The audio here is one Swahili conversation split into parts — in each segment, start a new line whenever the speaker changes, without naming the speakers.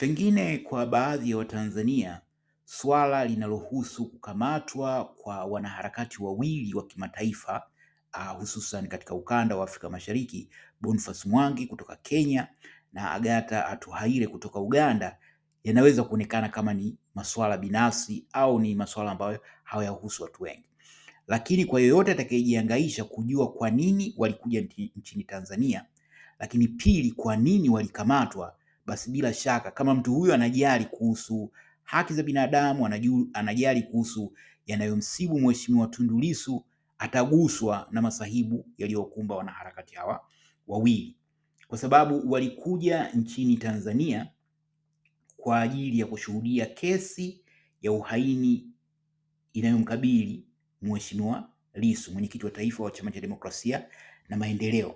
Pengine kwa baadhi ya wa Watanzania, swala linalohusu kukamatwa kwa wanaharakati wawili wa kimataifa uh, hususan katika ukanda wa Afrika Mashariki, Boniface Mwangi kutoka Kenya na Agata Atuhaire kutoka Uganda yanaweza kuonekana kama ni masuala binafsi au ni masuala ambayo hayahusu watu wengi, lakini kwa yoyote atakayejiangaisha kujua kwa nini walikuja nchini Tanzania, lakini pili, kwa nini walikamatwa basi bila shaka kama mtu huyo anajali kuhusu haki za binadamu, anajali kuhusu yanayomsibu Mheshimiwa Tundu Lissu, ataguswa na masahibu yaliyokumba wanaharakati hawa wawili, kwa sababu walikuja nchini Tanzania kwa ajili ya kushuhudia kesi ya uhaini inayomkabili Mheshimiwa Lissu, mwenyekiti wa taifa wa Chama cha Demokrasia na Maendeleo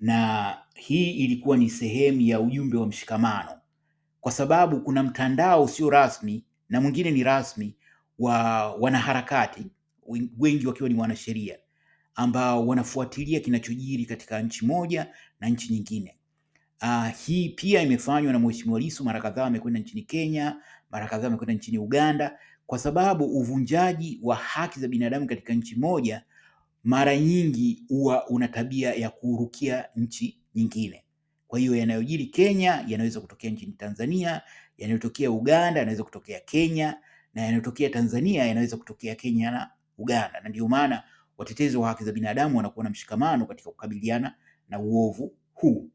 na hii ilikuwa ni sehemu ya ujumbe wa mshikamano, kwa sababu kuna mtandao usio rasmi na mwingine ni rasmi wa wanaharakati wengi wakiwa ni wanasheria ambao wanafuatilia kinachojiri katika nchi moja na nchi nyingine. Uh, hii pia imefanywa na Mheshimiwa Lissu, mara kadhaa amekwenda nchini Kenya, mara kadhaa amekwenda nchini Uganda, kwa sababu uvunjaji wa haki za binadamu katika nchi moja mara nyingi huwa una tabia ya kuhurukia nchi nyingine. Kwa hiyo yanayojiri Kenya yanaweza kutokea nchini Tanzania, yanayotokea Uganda yanaweza kutokea Kenya, na yanayotokea Tanzania yanaweza kutokea Kenya na Uganda. Na ndio maana watetezi wa haki za binadamu wanakuwa na mshikamano katika kukabiliana na uovu huu.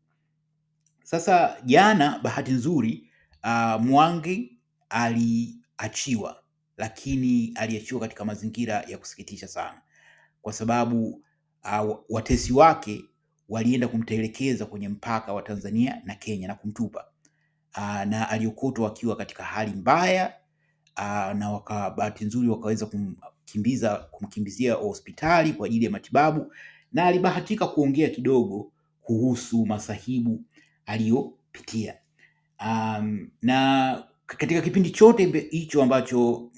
Sasa jana, bahati nzuri, uh, Mwangi aliachiwa, lakini aliachiwa katika mazingira ya kusikitisha sana kwa sababu uh, watesi wake walienda kumtelekeza kwenye mpaka wa Tanzania na Kenya na kumtupa uh, na aliokotwa akiwa katika hali mbaya uh, na waka bahati nzuri wakaweza kumkimbiza kumkimbizia hospitali kwa ajili ya matibabu, na alibahatika kuongea kidogo kuhusu masahibu aliyopitia. Um, na katika kipindi chote hicho ambacho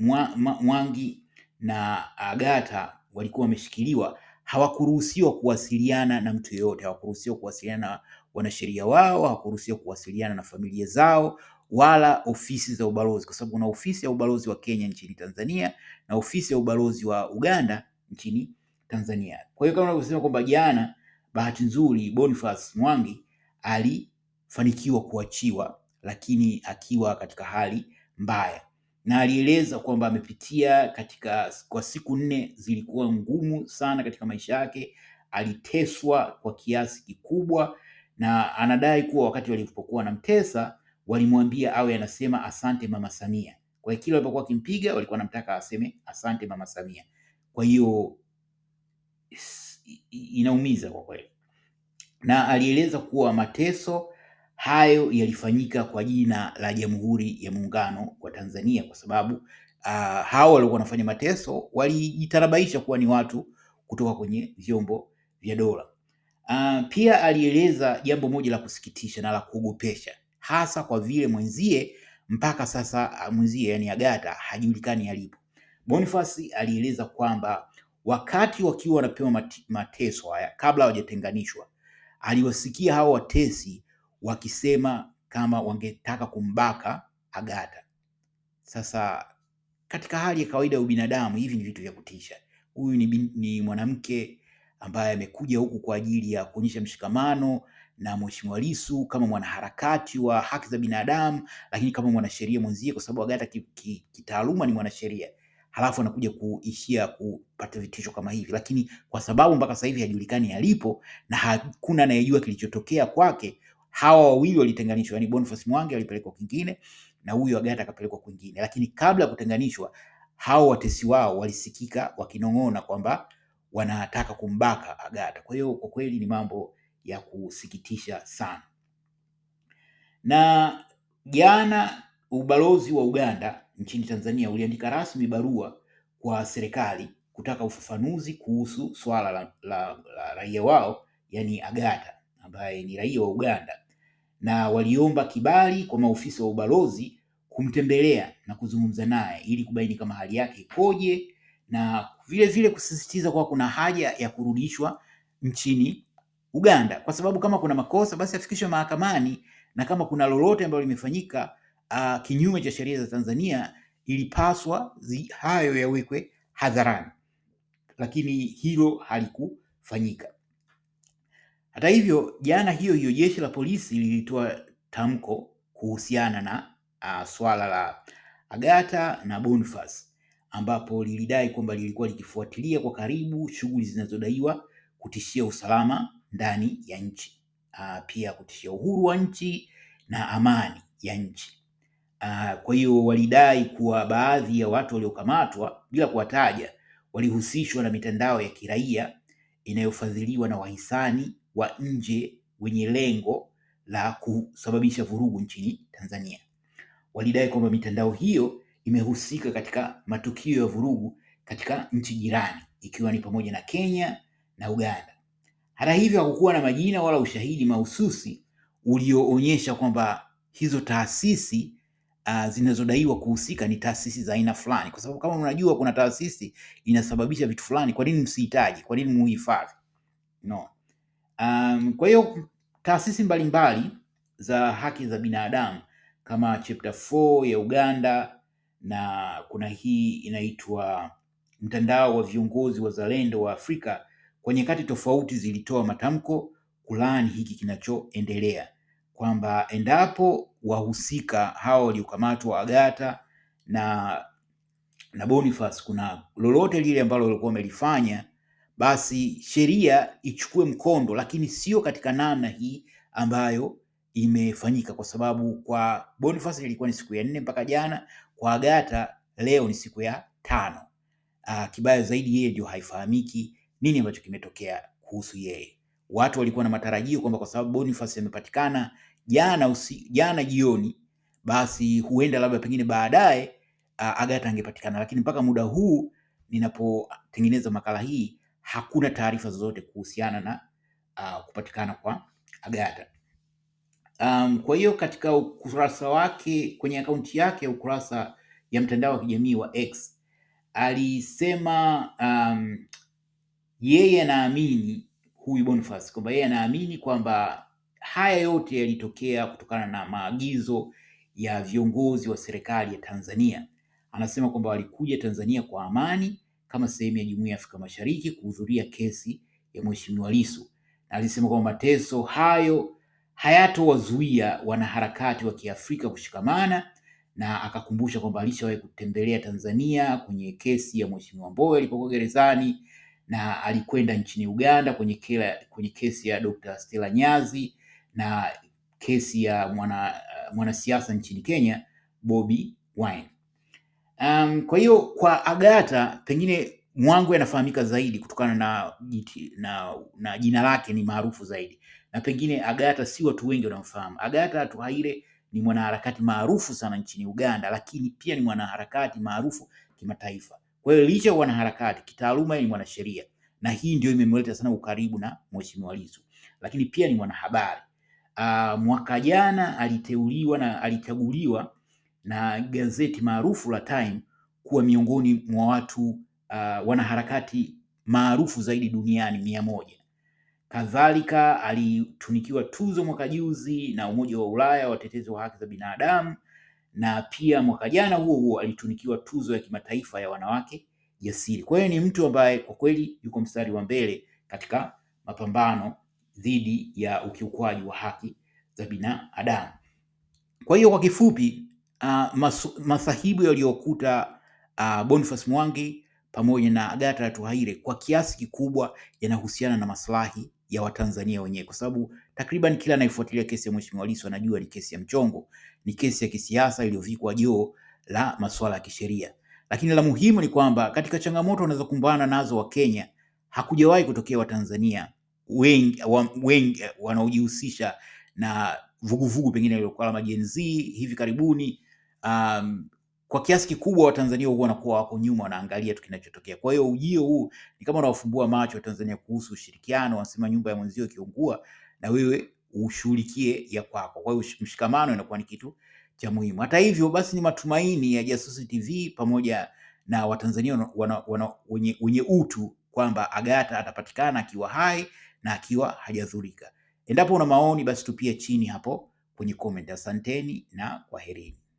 Mwangi na Agata walikuwa wameshikiliwa, hawakuruhusiwa kuwasiliana na mtu yeyote, hawakuruhusiwa kuwasiliana na wanasheria wao, hawakuruhusiwa kuwasiliana na familia zao wala ofisi za ubalozi, kwa sababu kuna ofisi ya ubalozi wa Kenya nchini Tanzania na ofisi ya ubalozi wa Uganda nchini Tanzania. Kwa hiyo kama unavyosema kwamba jana, bahati nzuri Boniface Mwangi alifanikiwa kuachiwa, lakini akiwa katika hali mbaya na alieleza kwamba amepitia katika kwa siku nne zilikuwa ngumu sana katika maisha yake. Aliteswa kwa kiasi kikubwa, na anadai kuwa wakati walipokuwa wanamtesa walimwambia awe anasema asante Mama Samia. Kwa hiyo kila walipokuwa wakimpiga walikuwa wanamtaka aseme asante Mama Samia. Kwa hiyo inaumiza kwa kweli, na alieleza kuwa mateso Hayo yalifanyika kwa jina la Jamhuri ya Muungano wa Tanzania kwa sababu uh, hao walikuwa wanafanya mateso walijitarabaisha kuwa ni watu kutoka kwenye vyombo vya dola. Uh, pia alieleza jambo moja la kusikitisha na la kuogopesha hasa kwa vile mwenzie mpaka sasa ah, mwenzie yani Agata hajulikani alipo. Boniface alieleza kwamba wakati wakiwa wanapewa mateso haya kabla hawajatenganishwa, aliwasikia hao watesi wakisema kama wangetaka kumbaka Agata. Sasa katika hali ya kawaida ya ubinadamu, hivi ni vitu vya kutisha. Huyu ni, ni mwanamke ambaye amekuja huku kwa ajili ya kuonyesha mshikamano na Mheshimiwa Lissu kama mwanaharakati wa haki za binadamu, lakini kama mwanasheria mwenzie, kwa sababu Agata kitaaluma ki, ni mwanasheria, halafu anakuja kuishia kupata vitisho kama hivi, lakini kwa sababu mpaka sasa hivi hajulikani alipo na hakuna anayejua kilichotokea kwake, hawa wawili walitenganishwa, yani Boniface Mwangi alipelekwa kwingine na huyu agata akapelekwa kwingine, lakini kabla ya kutenganishwa hao watesi wao walisikika wakinong'ona kwamba wanataka kumbaka agata Kwa hiyo kwa kweli ni mambo ya kusikitisha sana. Na jana ubalozi wa Uganda nchini Tanzania uliandika rasmi barua kwa serikali kutaka ufafanuzi kuhusu swala la raia wao yani agata ambaye ni raia wa Uganda na waliomba kibali kwa maofisa wa ubalozi kumtembelea na kuzungumza naye ili kubaini kama hali yake ikoje na vile vile kusisitiza kwa kuna haja ya kurudishwa nchini Uganda, kwa sababu kama kuna makosa basi afikishwe mahakamani na kama kuna lolote ambalo limefanyika uh, kinyume cha sheria za Tanzania ilipaswa zi, hayo yawekwe hadharani, lakini hilo halikufanyika. Hata hivyo, jana hiyo hiyo jeshi la polisi lilitoa tamko kuhusiana na uh, swala la agata na Boniface ambapo lilidai kwamba lilikuwa likifuatilia kwa karibu shughuli zinazodaiwa kutishia usalama ndani ya nchi, uh, pia kutishia uhuru wa nchi na amani ya nchi. Uh, kwa hiyo walidai kuwa baadhi ya watu waliokamatwa bila kuwataja walihusishwa na mitandao ya kiraia inayofadhiliwa na wahisani wa nje wenye lengo la kusababisha vurugu nchini Tanzania. Walidai kwamba mitandao hiyo imehusika katika matukio ya vurugu katika nchi jirani ikiwa ni pamoja na Kenya na Uganda. Hata hivyo, hakukuwa na majina wala ushahidi mahususi ulioonyesha kwamba hizo taasisi uh, zinazodaiwa kuhusika ni taasisi za aina fulani, kwa sababu kama unajua kuna taasisi inasababisha vitu fulani, kwa nini msihitaji? Kwa nini muhifadhi? No. Um, kwa hiyo taasisi mbalimbali za haki za binadamu kama chapter 4 ya Uganda na kuna hii inaitwa mtandao wa viongozi wazalendo wa Afrika kwa nyakati tofauti zilitoa matamko kulaani hiki kinachoendelea, kwamba endapo wahusika hao waliokamatwa Agata na na Boniface kuna lolote lile ambalo walikuwa wamelifanya basi sheria ichukue mkondo, lakini sio katika namna hii ambayo imefanyika, kwa sababu kwa Boniface ilikuwa ni siku ya nne mpaka jana, kwa Agata leo ni siku ya tano. Aa, ah, kibaya zaidi yeye ndio haifahamiki nini ambacho kimetokea kuhusu yeye. Watu walikuwa na matarajio kwamba kwa sababu Boniface amepatikana jana usi, jana jioni, basi huenda labda pengine baadaye ah, Agata angepatikana, lakini mpaka muda huu ninapotengeneza makala hii hakuna taarifa zozote kuhusiana na uh, kupatikana kwa Agatha. Um, kwa hiyo katika ukurasa wake kwenye akaunti yake ya ukurasa ya mtandao wa kijamii wa X alisema um, yeye anaamini huyu Boniface kwamba yeye anaamini kwamba haya yote yalitokea kutokana na maagizo ya viongozi wa serikali ya Tanzania. Anasema kwamba walikuja Tanzania kwa amani kama sehemu ya Jumuiya ya Afrika Mashariki kuhudhuria kesi ya Mheshimiwa Lissu, na alisema kwamba mateso hayo hayatowazuia wanaharakati wa Kiafrika kushikamana, na akakumbusha kwamba alishawahi kutembelea Tanzania kwenye kesi ya Mheshimiwa Mbowe alipokuwa gerezani, na alikwenda nchini Uganda kwenye, kela, kwenye kesi ya Dr. Stella Nyazi na kesi ya mwana mwanasiasa nchini Kenya Bobby Wine. Um, kwa hiyo kwa Agatha pengine Mwangwe anafahamika zaidi kutokana na, na, na jina lake ni maarufu zaidi, na pengine Agatha si watu wengi wanamfahamu. Agatha Atuhaire ni mwanaharakati maarufu sana nchini Uganda, lakini pia ni mwanaharakati maarufu kimataifa. Kwa hiyo licha ya wanaharakati, kitaaluma ni mwanasheria, na hii ndio imemleta sana ukaribu na Mheshimiwa Lissu, lakini pia ni mwanahabari. Uh, mwaka jana aliteuliwa na alichaguliwa na gazeti maarufu la Time kuwa miongoni mwa watu uh, wanaharakati maarufu zaidi duniani mia moja. Kadhalika alitunikiwa tuzo mwaka juzi na Umoja wa Ulaya watetezi wa haki za binadamu, na pia mwaka jana huo huo alitunikiwa tuzo ya kimataifa ya wanawake jasiri. Kwa hiyo ni mtu ambaye kwa kweli yuko mstari wa mbele katika mapambano dhidi ya ukiukwaji wa haki za binadamu. Kwa hiyo kwa kifupi uh, masu, masahibu yaliyokuta uh, Boniface Mwangi pamoja na Agatha Tuhaire kwa kiasi kikubwa yanahusiana na maslahi ya Watanzania wenyewe, kwa sababu takriban kila anayefuatilia kesi ya Mheshimiwa Lissu anajua ni kesi ya mchongo, ni kesi ya kisiasa iliyovikwa joo la masuala ya kisheria. Lakini la muhimu ni kwamba katika changamoto wanazokumbana nazo Wakenya hakujawahi kutokea Watanzania wengi, wengi wanaojihusisha na vuguvugu pengine liliokuwa la majenzi hivi karibuni um, kwa kiasi kikubwa Watanzania huwa wanakuwa wako nyuma, wanaangalia tu kinachotokea. Kwa hiyo ujio huu ni kama unawafumbua macho Tanzania kuhusu ushirikiano. Wanasema nyumba ya mwenzio ikiungua na wewe ushughulikie ya kwako. Kwa hiyo mshikamano inakuwa ni kitu cha muhimu. Hata hivyo basi, ni matumaini ya Jasusi TV pamoja na Watanzania wenye utu kwamba Agata atapatikana akiwa hai na akiwa hajadhurika. Endapo una maoni, basi tupia chini hapo kwenye comment. Asanteni na kwaherini.